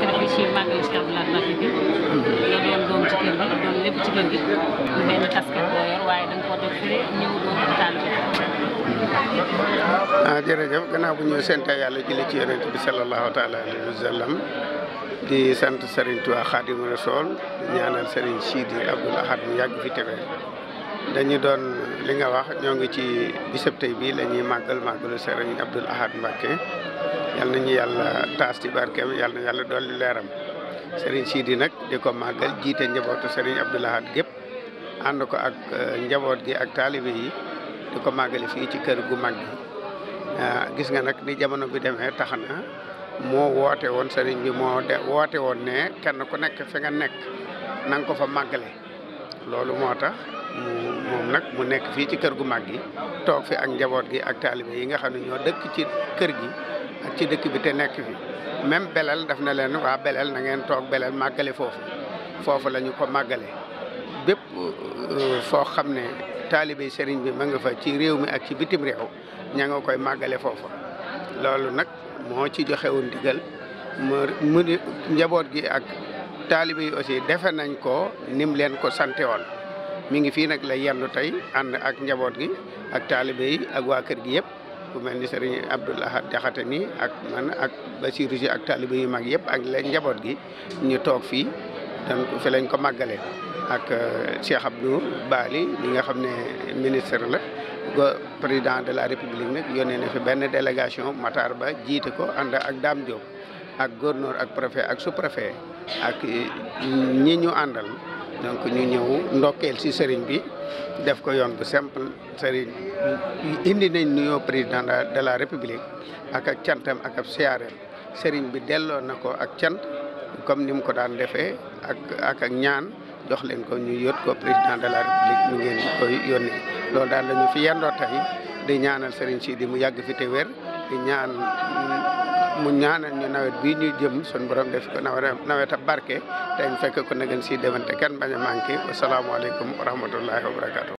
nekk rek ci màggal si Abdoulaye Mbacké bi la doon doom ci kër gi doon lépp ci kër gi mu benn bi ah jërëjëf gannaaw bu ñu sante yàlla jële ci yonent bi sallallahu taala alayhi wa di sant Serigne Touba Khadimou Rassoul ñaanal Serigne Sidi Abdoul Ahad mu yàgg fi tewee dañu doon li nga wax ñoo ngi ci bisab tey bii la ñuy màggal màggalu Sëriñ Abdul Ahad Mbàkke yal nañu yàlla taas ci barkeem yal na yàlla dolli leeram Sëriñ Sidi nag di ko màggal jiite njabootu Sëriñ Abdul Ahad gépp ànd ko ak euh, njaboot gi ak taalibe yi di ko màggale fii ci kër gu mag euh, gis nga nag ni jamono bi demee tax na moo woote woon sëriñ bi moo de woote woon ne kenn ku nekk fi nga nekk na ko fa màggale loolu moo tax moom nag mu nekk fii ci kër gu mag gi toog fi ak njaboot gi ak taalibe yi nga xam ne ñoo dëkk ci kër gi ak ci dëkk bi te nekk fi même belal daf na leen waa belal na ngeen toog belal màggale foofu foofu la ñu ko màggale bépp euh, foo xam ne taalibe sëriñ bi ma nga fa ci réew mi ak ci bitim réew ña nga koy màggale foofu loolu nag moo ci joxewoon ndigal mu njaboot gi ak taalibe yi aussi defe nañ ko nim leen ko sante woon mi ngi fi nak la yendu tay and ak njabot gi ak talibey ak wa kër gi yëpp ku melni ni abdullah Abdoul Ahad ak man ak Basiru ji ak talibey yu mag yëpp ak la njabot gi ñu toog fii dan fi lañ ko magalé ak euh, Cheikh Abdou Bali li nga xamné ministre la go président de la république nak yone na fi ben délégation Matar Ba jité ko and ak dam Diop ak gouverneur ak préfet ak sous-préfet ak euh, ñi ñu andal donc ñu ñëw ndokkeel si sëriñ bi def ko yoon bu simple sëriñ indi nañ nuyoo président de la république ak ak cantam ak ab siyaareem sëriñ bi delloo na ko ak cant comme ni mu ko daan defee ak ak ak ñaan jox leen ko ñu yót ko président de la république mu ngeen koy yónnee loolu daal la ñu fi yendoo tey di ñaanal sëriñ si di mu yàgg fi te wér di ñaan mu ñaanal ñu nawet bii ñuy jëm sun borom def ko nawet naweta barke te ñu fekk ko na ngeen siy demante kenn bañ a manqué wasalaamualeykum wa rahmatullahi wa barakaatu.